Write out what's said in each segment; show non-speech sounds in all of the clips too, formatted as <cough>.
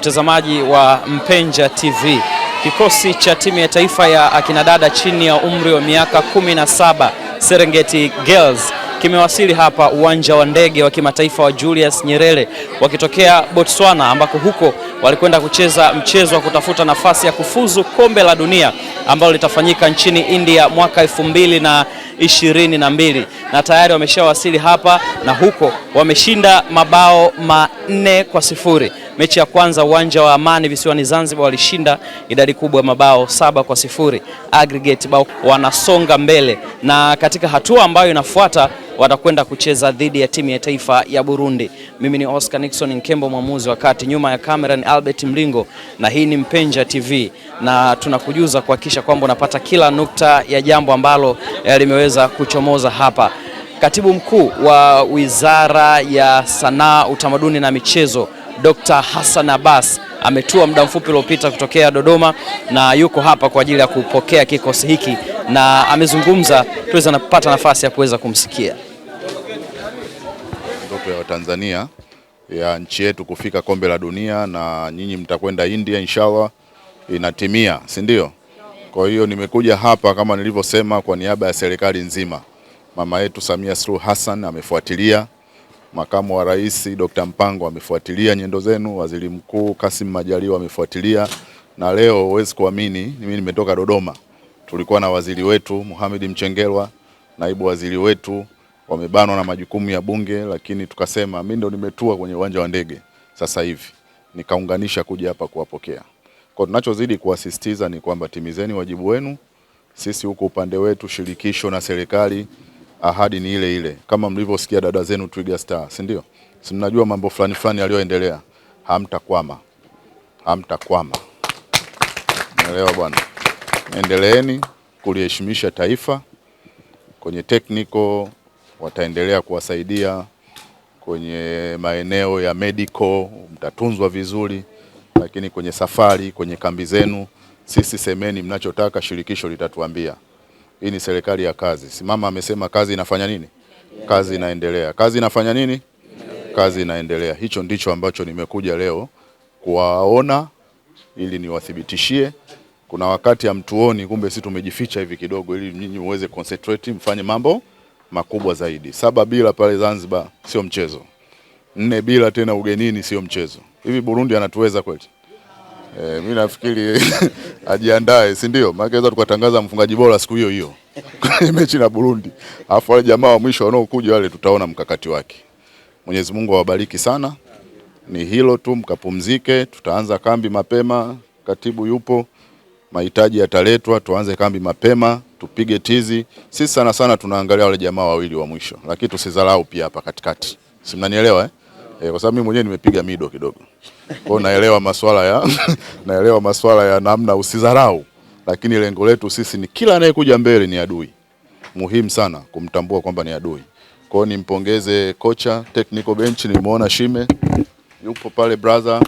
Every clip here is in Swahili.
mtazamaji wa Mpenja TV. Kikosi cha timu ya taifa ya akinadada chini ya umri wa miaka kumi na saba Serengeti Girls kimewasili hapa uwanja wa ndege wa kimataifa wa Julius Nyerere wakitokea Botswana, ambako huko walikwenda kucheza mchezo wa kutafuta nafasi ya kufuzu kombe la dunia ambalo litafanyika nchini India mwaka elfu mbili na ishirini na mbili na tayari wameshawasili hapa na huko wameshinda mabao manne kwa sifuri. Mechi ya kwanza uwanja wa Amani visiwani Zanzibar walishinda idadi kubwa ya mabao saba kwa sifuri aggregate bao, wanasonga mbele na katika hatua ambayo inafuata watakwenda kucheza dhidi ya timu ya taifa ya Burundi. Mimi ni Oscar Nixon Nkembo, mwamuzi wa kati, nyuma ya kamera ni Albert Mlingo na hii ni Mpenja TV, na tunakujuza kuhakikisha kwamba unapata kila nukta ya jambo ambalo eh, limeweza kuchomoza hapa. Katibu mkuu wa Wizara ya Sanaa, Utamaduni na Michezo Dr. Hassan Abbas ametua muda mfupi uliopita kutokea Dodoma na yuko hapa kwa ajili ya kupokea kikosi hiki na amezungumza, tuweza napata nafasi ya kuweza kumsikia. Ndoto ya Watanzania ya nchi yetu kufika kombe la dunia, na nyinyi mtakwenda India inshallah, inatimia, si ndio? Kwa hiyo nimekuja hapa kama nilivyosema, kwa niaba ya serikali nzima, mama yetu Samia Suluhu Hassan amefuatilia Makamu wa Rais Dr. Mpango amefuatilia nyendo zenu, Waziri Mkuu Kassim Majaliwa amefuatilia, na leo huwezi kuamini, mimi nimetoka Dodoma, tulikuwa na waziri wetu Mohamed Mchengerwa, naibu waziri wetu, wamebanwa na majukumu ya Bunge, lakini tukasema, mimi ndo nimetua kwenye uwanja wa ndege sasa hivi nikaunganisha kuja hapa kuwapokea. Kwa tunachozidi kuwasisitiza ni kwamba timizeni wajibu wenu. Sisi huko upande wetu, shirikisho na serikali ahadi ni ile ile, kama mlivyosikia dada zenu Twiga Star, si ndio? Si mnajua mambo fulani fulani yaliyoendelea. Hamtakwama, hamtakwama, naelewa bwana. Endeleeni kuliheshimisha taifa. Kwenye technical wataendelea kuwasaidia, kwenye maeneo ya medical mtatunzwa vizuri, lakini kwenye safari, kwenye kambi zenu, sisi semeni mnachotaka, shirikisho litatuambia. Hii ni serikali ya kazi. Simama amesema kazi inafanya nini? Kazi inaendelea. Kazi inafanya nini? Kazi inaendelea. Hicho ndicho ambacho nimekuja leo kuwaona ili niwathibitishie. Kuna wakati hamtuoni, kumbe si tumejificha hivi kidogo, ili nyinyi muweze concentrate, mfanye mambo makubwa zaidi. Saba bila pale Zanzibar sio mchezo, nne bila tena ugenini sio mchezo. Hivi Burundi anatuweza kweli? E, eh, mimi nafikiri <laughs> ajiandae, si ndio? Maana tukatangaza mfungaji bora siku hiyo hiyo <laughs> mechi na Burundi, alafu wale jamaa wa mwisho wanaokuja wale tutaona mkakati wake. Mwenyezi Mungu awabariki sana. Ni hilo tu, mkapumzike. Tutaanza kambi mapema, katibu yupo, mahitaji yataletwa, tuanze kambi mapema, tupige tizi. Sisi sana sana tunaangalia wale jamaa wawili wa mwisho, lakini tusidharau pia hapa katikati, si mnanielewa eh? E, kwa sababu mimi mwenyewe nimepiga mido kidogo. Kwa hiyo naelewa masuala ya <laughs> naelewa masuala ya namna usizarau. lakini lengo letu sisi ni kila anayekuja mbele ni adui. Muhimu sana kumtambua kwamba ni adui. Kwa hiyo nimpongeze kocha technical bench, nimeona Shime yupo pale brother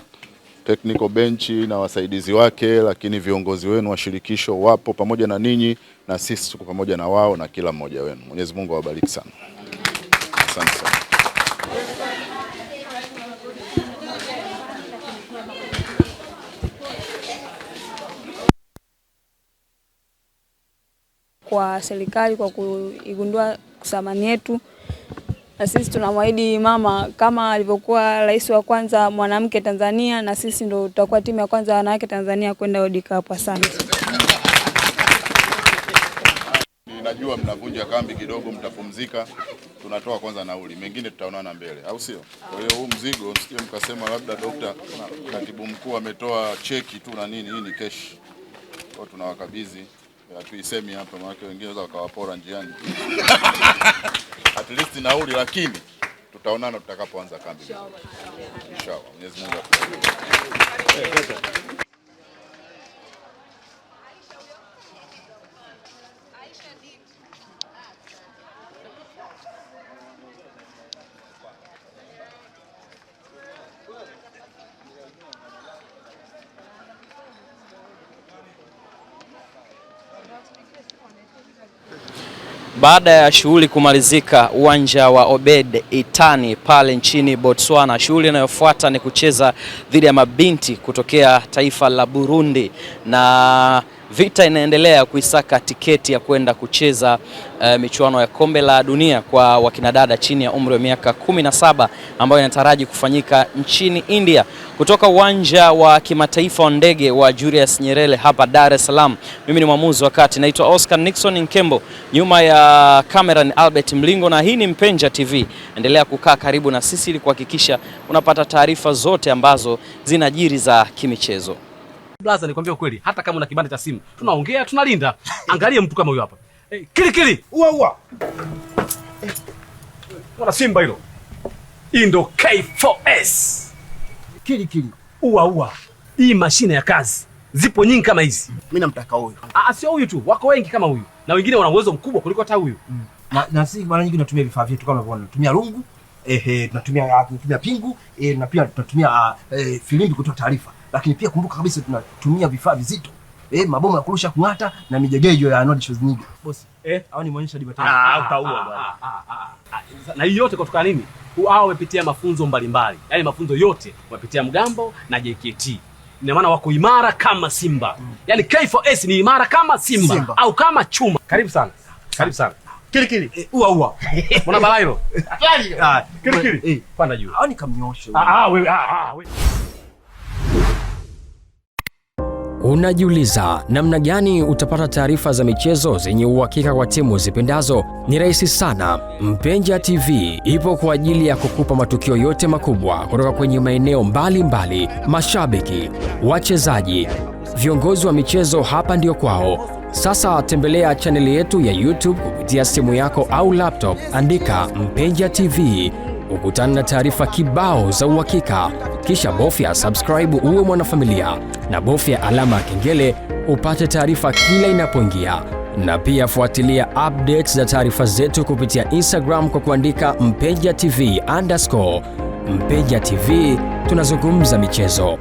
technical bench na wasaidizi wake, lakini viongozi wenu wa shirikisho wapo pamoja na ninyi na sisi tuko pamoja na wao na kila mmoja wenu. Mwenyezi Mungu awabariki sana. Asante sana. serikali kwa kuigundua samani yetu, na sisi tunamwahidi mama, kama alivyokuwa rais wa kwanza mwanamke Tanzania, na sisi ndo tutakuwa timu ya kwanza wanawake Tanzania kwenda World Cup. Asante. Najua mnavunja kambi kidogo, mtapumzika, tunatoa kwanza nauli, mengine tutaonana mbele, au sio? Kwa hiyo huu mzigo msikie mkasema labda dokta, katibu mkuu ametoa cheki tu na nini. Hii ni keshi, tunawakabidhi Hatuisemi hapa maana wengine waweza wakawapora njiani. <laughs> At least nauli, lakini tutaonana tutakapoanza kambi. Inshallah. Mwenyezi Mungu akubariki. Eh, Baada ya shughuli kumalizika uwanja wa Obed Itani pale nchini Botswana, shughuli inayofuata ni kucheza dhidi ya mabinti kutokea taifa la Burundi na Vita inaendelea kuisaka tiketi ya kwenda kucheza uh, michuano ya kombe la dunia kwa wakinadada chini ya umri wa miaka 17 ambayo inataraji kufanyika nchini India. Kutoka uwanja wa kimataifa wa ndege wa Julius Nyerere hapa Dar es Salaam, mimi ni mwamuzi wa kati, naitwa Oscar Nixon Nkembo, nyuma ya kamera ni Albert Mlingo na hii ni Mpenja TV. Endelea kukaa karibu na sisi ili kuhakikisha unapata taarifa zote ambazo zinajiri za kimichezo. Blaza, nikwambia ukweli, hata kama una kibanda cha simu tunaongea, tunalinda. Angalia mtu kama huyo hapa, hey, eh, kili kili, ua ua, eh, mwana simba hilo. Hii ndo K4S kili kili, ua ua. Hii mashine ya kazi, zipo nyingi kama hizi. Mimi namtaka huyu. Ah, ah, sio huyu tu, wako wengi kama huyu na wengine wana uwezo mkubwa kuliko hata huyu mm. Na, na sisi mara nyingi tunatumia vifaa vyetu kama unavyoona, tunatumia rungu, ehe, tunatumia tunatumia pingu eh, na pia tunatumia ah, eh, filimbi kutoa taarifa lakini pia kumbuka kabisa tunatumia vifaa vizito eh, mabomu ya kurusha kung'ata na mijegejo ya Arnold Schwarzenegger. Bosi, eh, au ni mwanisha diba tena. Ah, utaua ah, ah, ah, bwana. Na hiyo yote kutoka nini? Hao wamepitia mafunzo mbalimbali. Yaani mafunzo yote wamepitia Mgambo na JKT. Ina maana wako imara kama simba. Mm. Yaani K4S ni imara kama simba, simba au kama chuma. Karibu sana. Karibu sana. Kili kili. Eh, ua ua. Mbona balaa hilo? Kili <laughs> Ah, kili kili. Eh. Panda juu. Hao ni kamnyosho. Ah, ah, wewe ah, wewe. Unajiuliza namna gani utapata taarifa za michezo zenye uhakika kwa timu zipendazo? Ni rahisi sana. Mpenja TV ipo kwa ajili ya kukupa matukio yote makubwa kutoka kwenye maeneo mbalimbali. Mashabiki, wachezaji, viongozi wa michezo, hapa ndio kwao. Sasa tembelea chaneli yetu ya YouTube kupitia simu yako au laptop, andika Mpenja TV ukutana na taarifa kibao za uhakika, kisha bofya subscribe uwe mwanafamilia na bofya alama ya kengele upate taarifa kila inapoingia, na pia fuatilia updates za taarifa zetu kupitia Instagram kwa kuandika Mpeja TV underscore. Mpeja TV tunazungumza michezo.